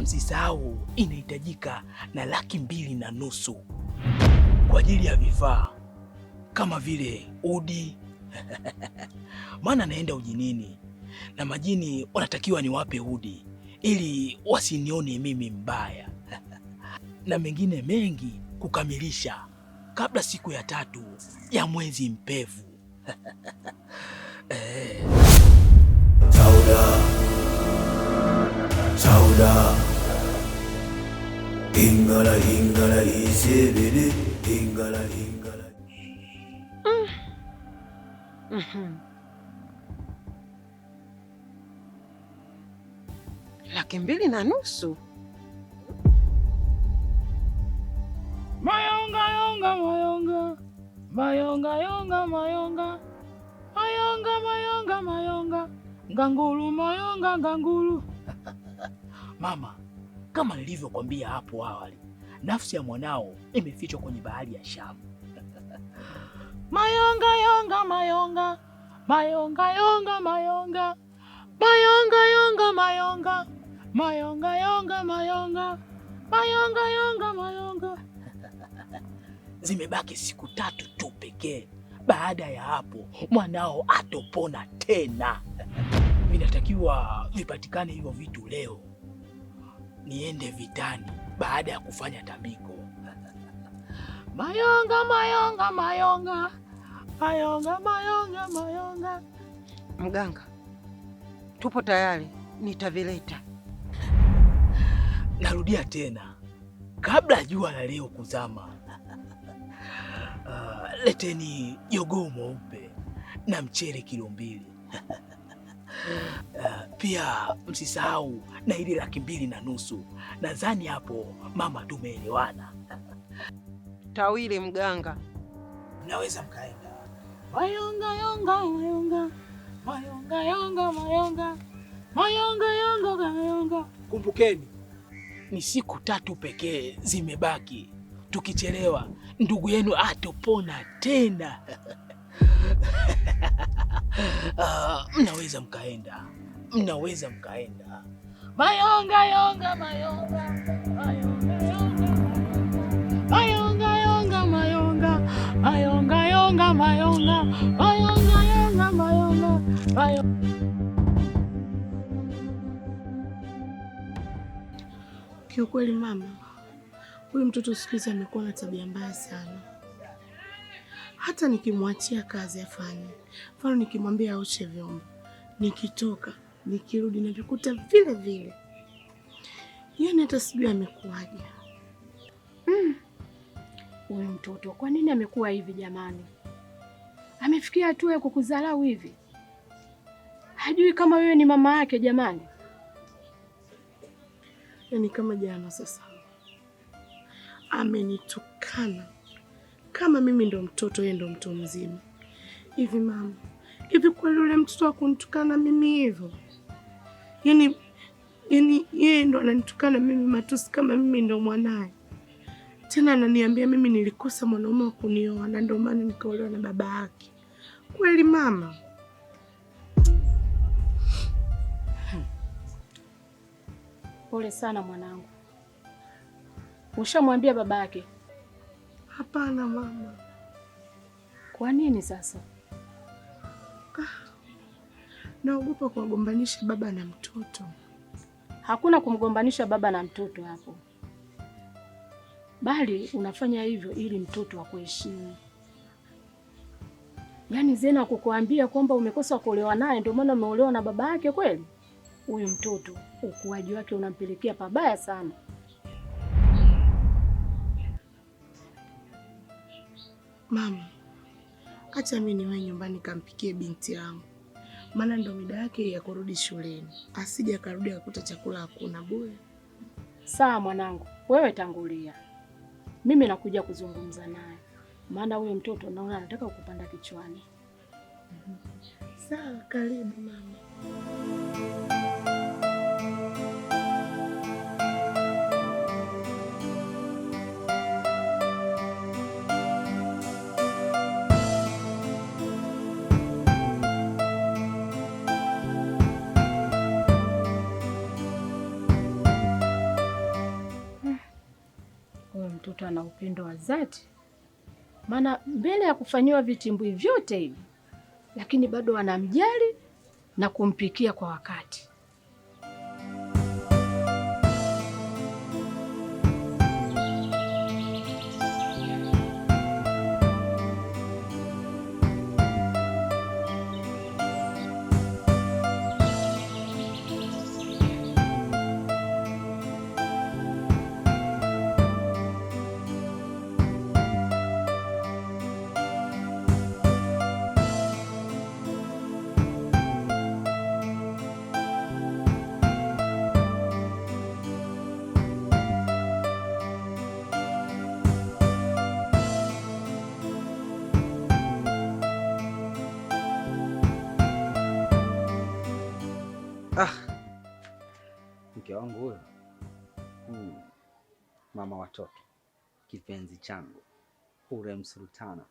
Msisahau inahitajika na laki mbili na nusu kwa ajili ya vifaa kama vile udi maana naenda ujinini na majini wanatakiwa niwape udi ili wasinione mimi mbaya na mengine mengi kukamilisha kabla siku ya tatu ya mwezi mpevu. Eh. Sauda Ingala ingala isebele ingala ingala mm. Mm-hmm. Laki mbili na nusu Mayonga yonga mayonga Mayonga yonga mayonga Mayonga mayonga mayonga Ngangulu mayonga ngangulu Mama, kama nilivyokwambia hapo awali, nafsi ya mwanao imefichwa kwenye bahari ya Shamu. Mayonga yonga mayonga mayonga yonga mayonga mayonga yonga mayonga mayonga yonga mayonga mayonga yonga mayonga. Zimebaki siku tatu tu pekee. Baada ya hapo mwanao atopona tena. Vinatakiwa vipatikane hivyo vitu leo niende vitani baada ya kufanya tambiko. Mayonga, mayonga, mayonga, mayonga, mayonga, mayonga. Mganga, tupo tayari, nitavileta. Narudia tena, kabla jua la leo kuzama. Uh, leteni jogoo mweupe na mchele kilo mbili. Eh, pia msisahau na ile laki mbili na nusu. Nadhani hapo mama tumeelewana. Tawili mganga, naweza mkaenda mayonga yonga mayonga mayonga yonga mayonga mayonga yonga mayonga. Kumbukeni ni siku tatu pekee zimebaki, tukichelewa ndugu yenu atopona tena. Uh, mnaweza mkaenda, mnaweza mkaenda. Mayonga yonga mayonga mayonga mayonga yonga mayonga mayonga yonga mayonga mayonga yonga mayonga mayonga. Kiukweli mama, huyu mtoto siku hizi amekuwa na tabia mbaya sana hata nikimwachia kazi afanye, mfano nikimwambia aoshe vyombo, nikitoka nikirudi najikuta vile vile, yaani hata sijui amekuwaje hmm. huyu mm. Mtoto kwa nini amekuwa hivi jamani? Amefikia hatua ya kukudharau hivi? Hajui kama wewe ni mama yake jamani. Yaani kama jana sasa amenitukana kama mimi ndo mtoto, yeye ndo mtu mzima. Hivi mama, hivi kweli yule mtoto akunitukana mimi hivyo? Yaani yaani yeye ndo ananitukana mimi matusi, kama mimi ndo mwanaye. Tena ananiambia mimi nilikosa mwanaume wa kunioa na ndio maana nikaolewa na baba yake. Kweli mama? Pole sana mwanangu. Ushamwambia baba yake Hapana mama. Kwa nini sasa? Ah, naogopa kuwagombanisha baba na mtoto. Hakuna kumgombanisha baba na mtoto hapo, bali unafanya hivyo ili mtoto akuheshimu. Yaani Zena kukuambia kwamba umekosa kuolewa naye, ndio maana umeolewa na baba yake? Kweli huyu mtoto ukuaji wake unampelekea pabaya sana. Mama, acha mimi niwe nyumbani kampikie binti yangu, maana ndo mida yake ya kurudi shuleni, asije akarudi akakuta chakula hakuna. Bure. Sawa mwanangu, wewe tangulia, mimi nakuja kuzungumza naye, maana huyo mtoto naona anataka kukupanda kichwani. Sawa, karibu mama. na upendo wa dhati, maana mbele ya kufanyiwa vitimbwi vyote hivi, lakini bado wanamjali na kumpikia kwa wakati. mama watoto, kipenzi changu Hurem Sultana.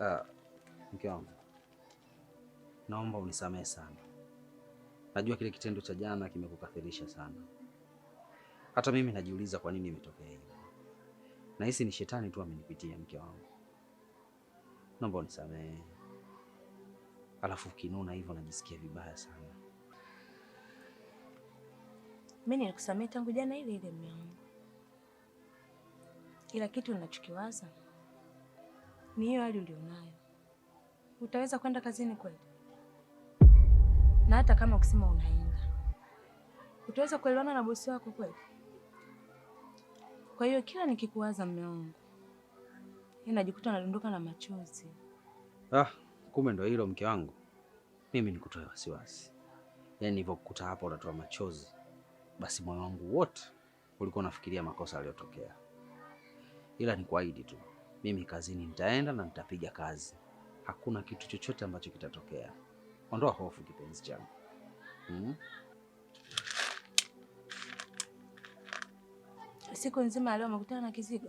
Uh, mke wangu, naomba unisamehe sana. Najua kile kitendo cha jana kimekukathirisha sana. Hata mimi najiuliza kwa nini imetokea hivyo. Nahisi ni shetani tu amenipitia, mke wangu, naomba unisamehe. Alafu ukinuna hivyo najisikia vibaya sana. Mimi nilikusamea tangu jana ile ile mume wangu, ila kitu ninachokiwaza ni hiyo hali ulionayo, utaweza kwenda kazini kweli? Na hata kama ukisema unaenda, utaweza kuelewana na bosi wako kweli? Kwa hiyo kila nikikuwaza mume wangu, najikuta nadondoka na machozi. Ah, kumbe ndo hilo mke wangu. Mimi nikutoe wasiwasi, yaani nilivyokukuta hapa unatoa machozi basi moyo wangu wote ulikuwa unafikiria makosa yaliyotokea, ila ni kuahidi tu, mimi kazini nitaenda na nitapiga kazi, hakuna kitu chochote ambacho kitatokea. Ondoa hofu kipenzi changu hmm? Siku nzima leo umekutana na kizigo?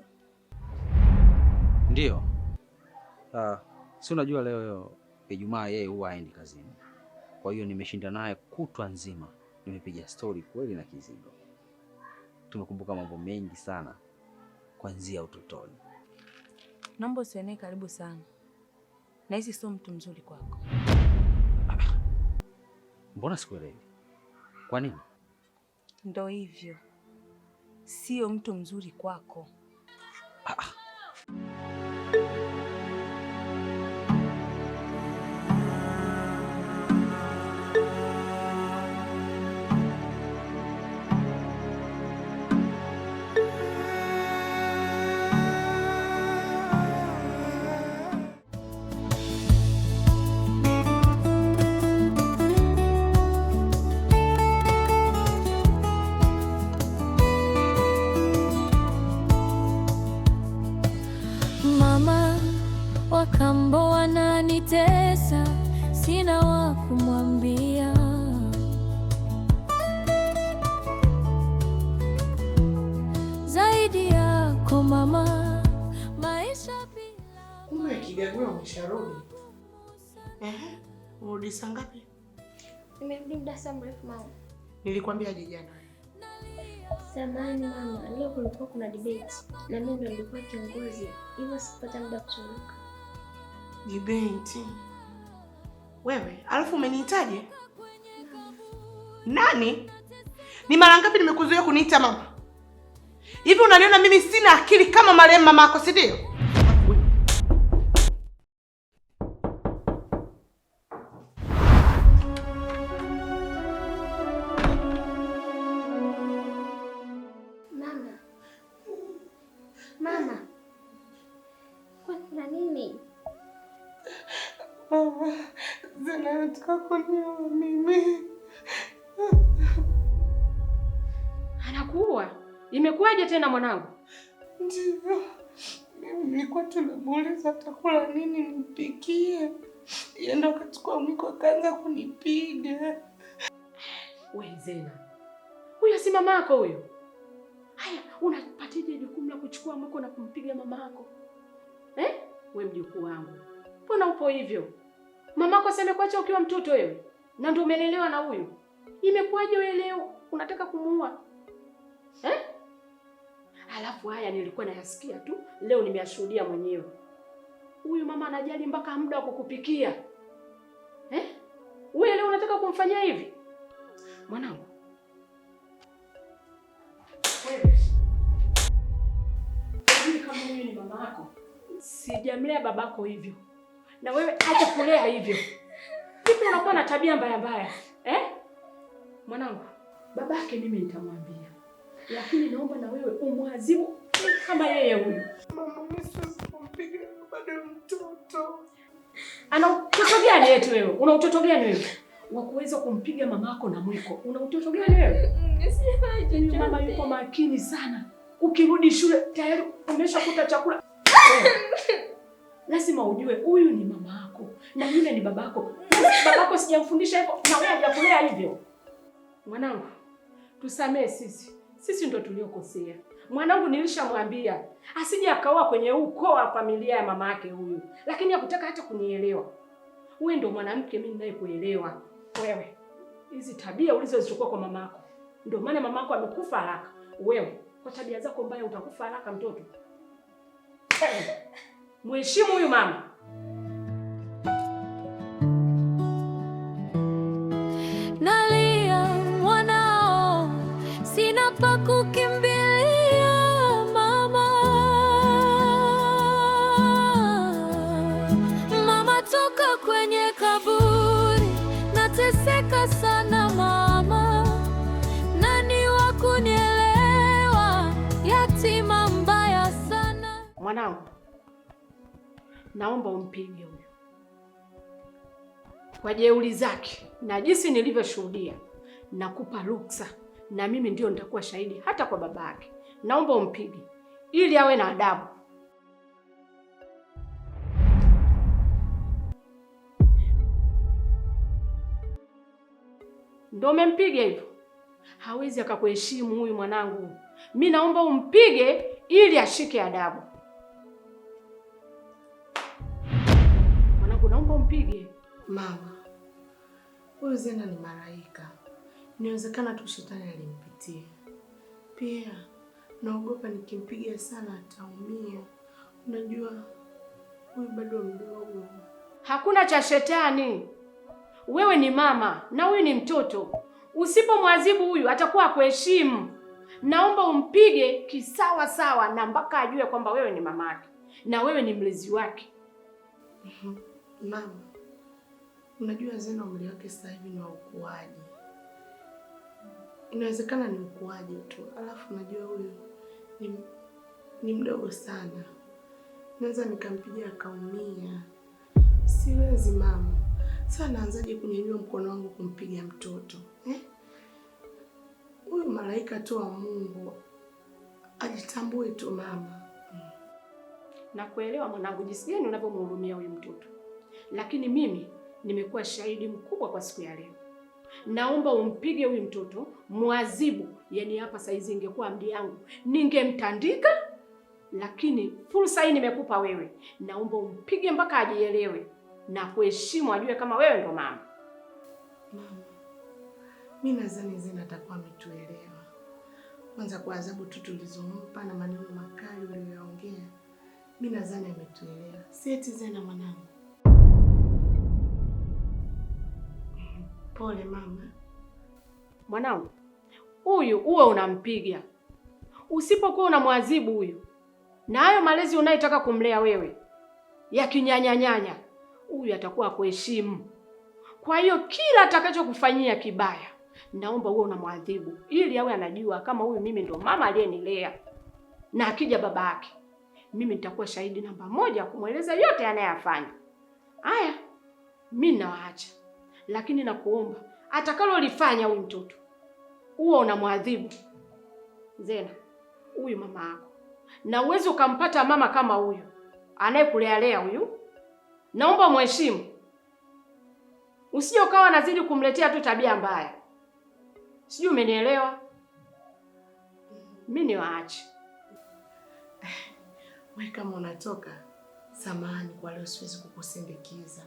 ndio Uh, si unajua leo Ijumaa yeye huwa haendi kazini, kwa hiyo nimeshinda naye kutwa nzima nimepiga stori kweli na Kizigo, tumekumbuka mambo mengi sana kuanzia utotoni. Naomba usienee karibu sana, nahisi sio mtu mzuri kwako. Ah, mbona sikuelewi? Kwa nini? Ndo hivyo, sio mtu mzuri kwako. Usharudi? Ehe, urudi saa ngapi? Nimerudi muda si mrefu mama. Nilikwambiaje jana? Samahani mama, leo kulikuwa kuna debate na mimi ndo nilikuwa kiongozi, hivyo sikupata muda kutoroka. Debate? Wewe alafu umenihitaje? Nani? Ni mara ngapi nimekuzuia kuniita mama? Hivi unaniona mimi sina akili kama marehemu mama yako, si ndio? anataka kunioa mimi. Anakuwa imekuwaje tena mwanangu? Ndio mimi nilikuwa tunamuuliza atakula nini nimpikie, yenda akachukua mwiko akaanza kunipiga. wenzena Zena, huyo si mama yako huyo? Haya, unapatije jukumu la kuchukua mwiko na kumpiga mama yako eh? We mjukuu wangu, mbona upo hivyo? Mamako si amekuacha ukiwa mtoto wewe, na ndio umelelewa na huyu. Imekuwaje wewe leo unataka kumuua eh? Alafu haya nilikuwa nayasikia tu, leo nimeyashuhudia mwenyewe. Huyu mama anajali mpaka muda wa kukupikia eh? Wewe leo unataka kumfanyia hivi mwanangu? Kama huyu ni mama yako, sijamlea babako hivyo na wewe acha kulea hivyo. Vipi unakuwa na tabia mbaya mbaya eh? Mwanangu, babake mimi nitamwambia, lakini naomba na wewe umwazibu kama yeye huyo. Mama, mimi siwezi kumpiga bado mtoto. Ana utoto gani yetu wewe? Una utoto gani wewe? Wa kuweza kumpiga mamako na mwiko. Una utoto gani wewe? Huyu mama yuko makini sana. Ukirudi shule tayari umeshakuta chakula. lazima ujue huyu ni mama yako na yule ni babako. Babako sijamfundisha hivyo na wewe hajakulea hivyo. Mwanangu, tusamee sisi, sisi ndo tuliokosea. Mwanangu, nilishamwambia asije akaoa kwenye ukoo wa familia ya mama yake huyu, lakini hakutaka hata kunielewa. Wewe ndo mwanamke mimi ninayekuelewa wewe. Hizi tabia ulizozichukua kwa yako, ndio maana yako amekufa haraka. Wewe kwa tabia zako mbaya utakufa haraka mtoto. Mheshimu huyu mama. Nalia mwanao, sina pa kukimbilia mama. Mama, toka kwenye kaburi, nateseka sana mama. Nani wa kunielewa, yatima mbaya sana mwanao naomba umpige huyo kwa jeuli zake na jinsi nilivyoshuhudia. Nakupa ruksa, na mimi ndio nitakuwa shahidi hata kwa baba yake. Naomba umpige ili awe na adabu. Ndio umempiga hivyo, hawezi akakuheshimu huyu mwanangu. Mi naomba umpige ili ashike adabu. nikupige? Mama, huyu Zena ni malaika, inawezekana tu shetani alimpitia. Pia naogopa nikimpiga sana ataumia, unajua huyu bado mdogo. Hakuna cha shetani, wewe ni mama na huyu ni mtoto. Usipomwadhibu huyu atakuwa akuheshimu. Naomba umpige kisawa sawa, na mpaka ajue kwamba wewe ni yake na wewe ni mlezi wake. Mhm. Mama, unajua Zena umri wake sasa hivi ni wa ukuaji, inawezekana ni ukuaji tu, alafu unajua huyu ni, ni mdogo sana, naweza nikampiga akaumia. Siwezi mama, sasa naanzaje kunyanyua mkono wangu kumpiga mtoto eh? Huyu malaika tu wa Mungu ajitambue tu mama. Nakuelewa mwanangu, jinsi gani unavyomhurumia huyu mtoto lakini mimi nimekuwa shahidi mkubwa kwa siku ya leo. Naomba umpige huyu mtoto mwazibu. Yani hapa saizi ingekuwa amdi yangu ningemtandika, lakini fursa hii nimekupa wewe. Naomba umpige mpaka ajielewe na kuheshimu, ajue kama wewe ndo mama. Mama, mimi nadhani Zena atakuwa ametuelewa kwanza kwa adhabu tu tulizompa na maneno makali uliyoyaongea. Mimi nadhani ametuelewa, si Zena mwanangu Pole mama. Mwanangu, huyu uwe unampiga, usipokuwa unamwadhibu huyu, na hayo malezi unayotaka kumlea wewe ya kinyanyanyanya, huyu atakuwa kuheshimu. Kwa hiyo kila atakachokufanyia kibaya, naomba uwe unamwadhibu ili awe anajua kama huyu mimi ndo mama aliyenilea, na akija baba yake mimi nitakuwa shahidi namba moja kumweleza yote anayafanya haya. Mi nawaacha lakini nakuomba atakalolifanya huyu mtoto huwa unamwadhibu Zena, huyu mama yako, na uwezi ukampata mama kama huyu anayekulealea huyu. Naomba mheshimu, usije ukawa nazidi kumletea tu tabia mbaya. Sijui umenielewa. Mi ni waache we, kama unatoka samahani kwa leo, siwezi kukusindikiza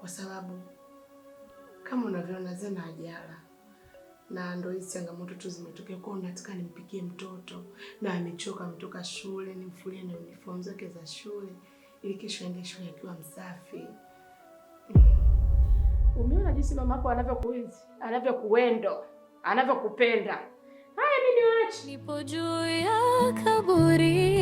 kwa sababu kama unavyoona Zena hajala na ndo hizi changamoto tu zimetokea kwao. Nataka nimpikie mtoto na amechoka, ametoka shule, nimfulie na uniform zake za shule ili kesho aende shule akiwa msafi. Umeona jinsi mama yako anavyokuenzi, anavyokuendo, anavyokupenda. Haya, mimi niwaache nipo juu ya kaburi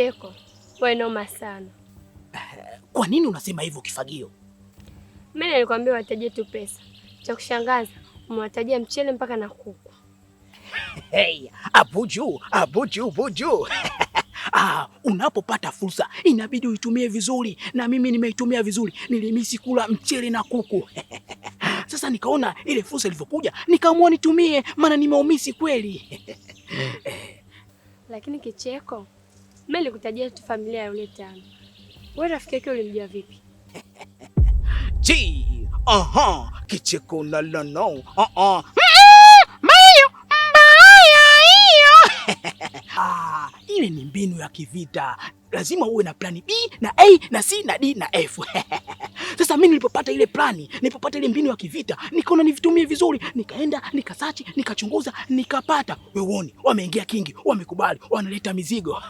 Kicheko, wewe noma sana. Kwa nini unasema hivyo kifagio? Mimi nilikwambia watajie tu pesa. Cha kushangaza umewatajia mchele mpaka na kuku. Hey, abuju abuju buju Ah, unapopata fursa inabidi uitumie vizuri, na mimi nimeitumia vizuri. Nilimisi kula mchele na kuku Sasa nikaona ile fursa ilivyokuja, nikaamua nitumie, maana nimeumisi kweli. Lakini kicheko mimi nilikutajia tu familia ya yule tano. Wewe rafiki yake ulimjua vipi? Ji, aha, kicheko na la no. Ah ah. Uh-uh. Mayo, mbaya hiyo. Ah, ile ni mbinu ya kivita. Lazima uwe na plani B na A na C na D na F. Sasa mimi nilipopata ile plani, nilipopata ile mbinu ya kivita, nikaona nivitumie vizuri, nikaenda nikasachi, nikachunguza, nikapata. Wewe uone, wameingia kingi, wamekubali, wanaleta mizigo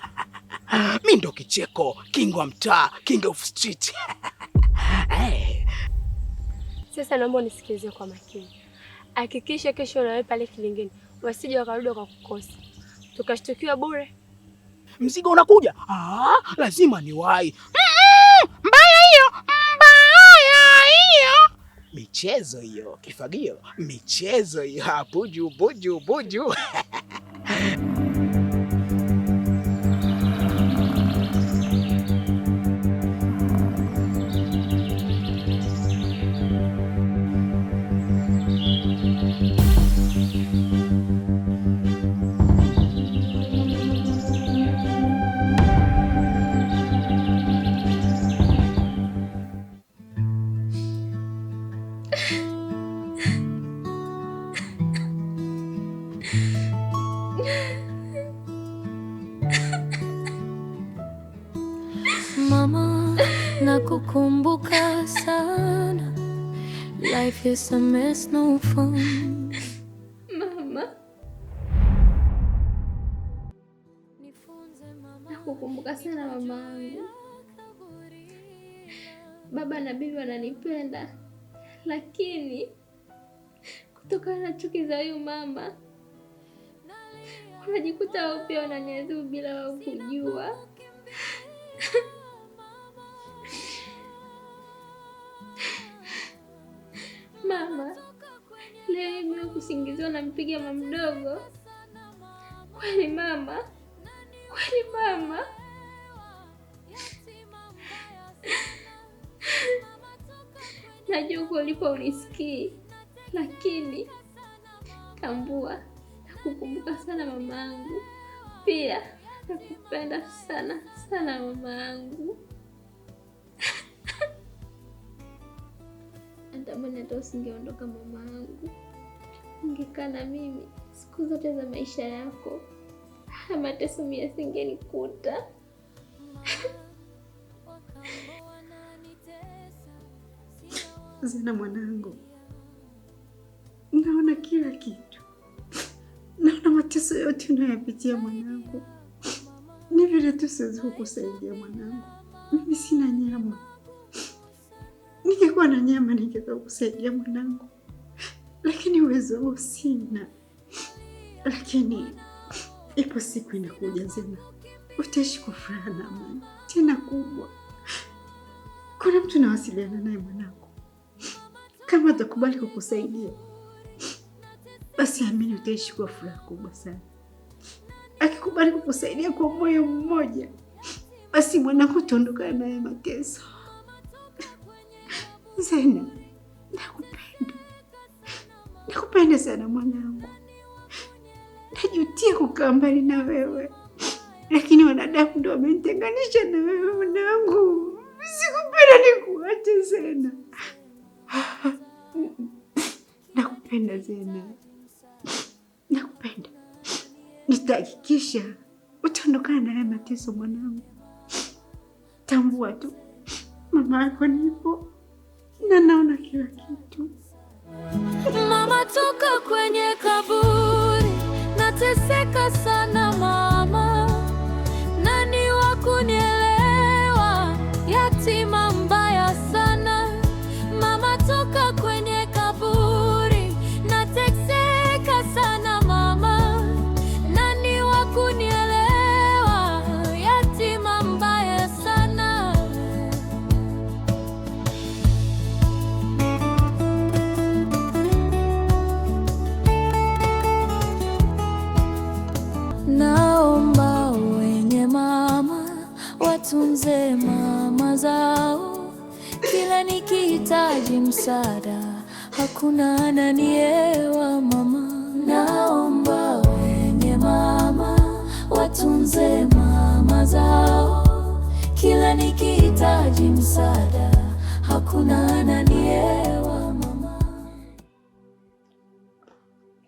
mi ndo kicheko, king wa mtaa, king of street eh. Sasa naomba unisikilize kwa makini, hakikisha kesho unawe pale kilingeni, wasije wakarudi kukosa tukashtukiwa bure. Mzigo unakuja. Aa, ah, lazima ni wai mbaya hiyo, mbaya hiyo, michezo hiyo, kifagio, michezo hiyo, buju buju buju this no fun. Mama, nakukumbuka sana mama wangu. Baba na bibi wananipenda, lakini kutokana na chuki za huyu mama unajikuta wao pia wananiadhibu bila wao kujua. Mama, leo mimi kusingiziwa mpiga mama mdogo kweli? Mama kweli mama najua uko ulipo unisikii, lakini tambua nakukumbuka sana mama yangu, pia nakupenda sana sana mama yangu. Natamani hata usingeondoka mama yangu, ungekaa na mimi siku zote za maisha yako, haya mateso mimi yasingenikuta. Zena mwanangu, naona kila kitu, naona mateso yote unayopitia mwanangu, ni vile tu siwezi kukusaidia mwanangu, mimi sina nyama Ningekuwa na nyama ningeweza kusaidia mwanangu, lakini uwezo huo sina. Lakini ipo siku inakuja, Zena, utaishi kwa furaha na amani tena kubwa. Kuna mtu nawasiliana naye mwanangu, kama atakubali kukusaidia basi amini, utaishi kwa furaha kubwa sana. Akikubali kukusaidia kwa moyo mmoja, basi mwanangu, utaondokana naye mateso. Zena, nakupenda, nakupenda sana mwanangu. Najutia kukaa mbali na wewe, lakini wanadamu ndo wamenitenganisha na wewe mwanangu. Sikupenda nikuache Zena. Nakupenda Zena, nakupenda. Nitahakikisha utaondokana na haya mateso mwanangu. Tambua tu mama yako nipo na naona kila kitu. Mama toka kwenye kaburi, nateseka sana mama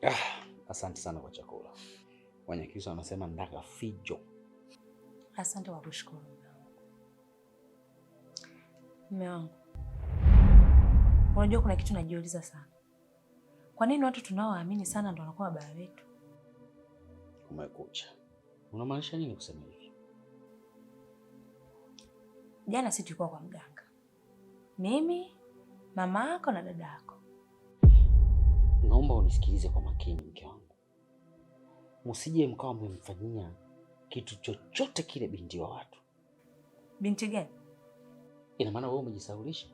Ah, asante sana kwa chakula. Wanyakisu wanasema ndaka fijo. Asante kwa kushukuru wangu. Mume wangu, unajua kuna kitu najiuliza sana, kwa nini watu tunaowaamini sana ndo wanakuwa baba wetu? Umekucha, unamaanisha nini kusema hivi? Jana si tulikuwa kwa mganga, mimi mama yako na dada yako naomba unisikilize kwa makini, mke wangu, msije mkawa mmemfanyia kitu chochote kile binti wa watu. Binti gani? Ina maana wewe umejisaulisha,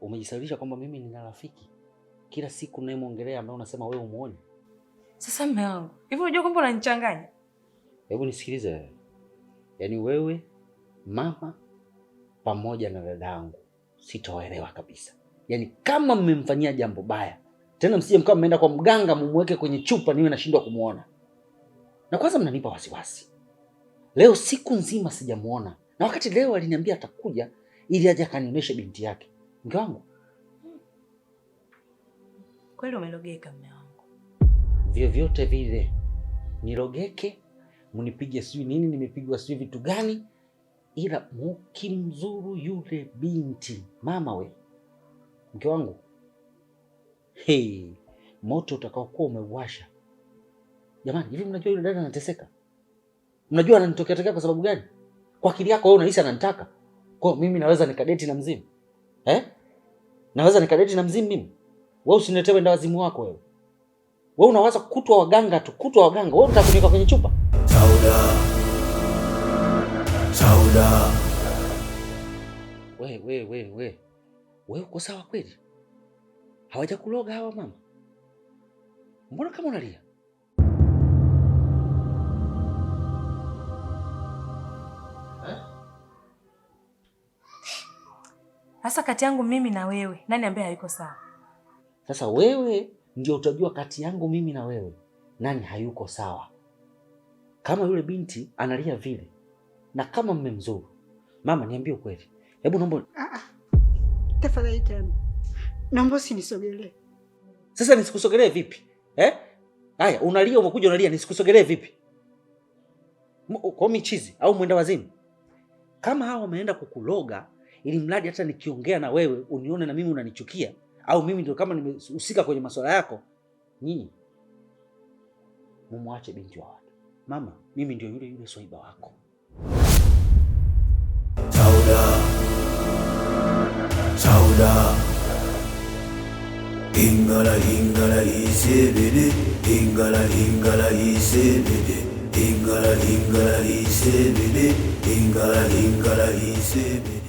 umejisahulisha kwamba mimi nina rafiki kila siku nayemwongelea, ambaye unasema wewe umuone. Sasa mme wangu, hivi unajua kwamba unanichanganya? Hebu nisikilize wewe, yaani wewe mama pamoja na dadangu sitoelewa kabisa. Yaani kama mmemfanyia jambo baya tena msije mkawa mmeenda kwa mganga mumweke kwenye chupa niwe nashindwa kumwona. Na kwanza mnanipa wasiwasi. Leo siku nzima sijamuona. Na wakati leo aliniambia atakuja ili aje akanionyeshe binti yake. Mke wangu. Kweli umelogeka Mme wangu. Vyovyote vile nilogeke, mnipige sijui nini, nimepigwa sijui vitu gani, ila mukimzuru yule binti mama we, mke wangu, Hey, moto utakaokuwa umewasha jamani! Hivi mnajua yule dada anateseka? Mnajua ananitokea tokea kwa sababu gani? Kwa akili yako wewe unahisi ananitaka kwa mimi, naweza nikadeti na mzimu eh? Naweza nikadeti na mzimu mimi? Wewe usiniletee wenda wazimu wako wewe. Wewe unawaza kutwa waganga tu, kutwa waganga. Wewe utakunika kwenye chupa. Sauda, Sauda, Wewe wewe wewe. wewe uko sawa kweli? Hawajakuloga hawa mama? Mbona kama unalia? Eh? Sasa kati yangu mimi na wewe nani ambaye hayuko sawa? Sasa wewe ndio utajua kati yangu mimi na wewe nani hayuko sawa. Kama yule binti analia vile na kama mmemzuru, mama, niambie ukweli, hebu naomba. Ah ah, tafadhali tena Naomba usinisogelee. Sasa nisikusogelee vipi eh? Aya, unalia umekuja unalia, nisikusogelee vipi? Kwa michizi au mwenda wazimu kama hawa wameenda kukuloga, ili mradi hata nikiongea na wewe unione na mimi unanichukia au mimi ndio kama nimehusika kwenye masuala yako. Nyinyi mumwache binti wa watu. Mama, mimi ndio yule yule swaiba wako Sauda. Sauda. Hingala hingala ise biri Hingala hingala ise biri Hingala hingala ise biri Hingala hingala ise biri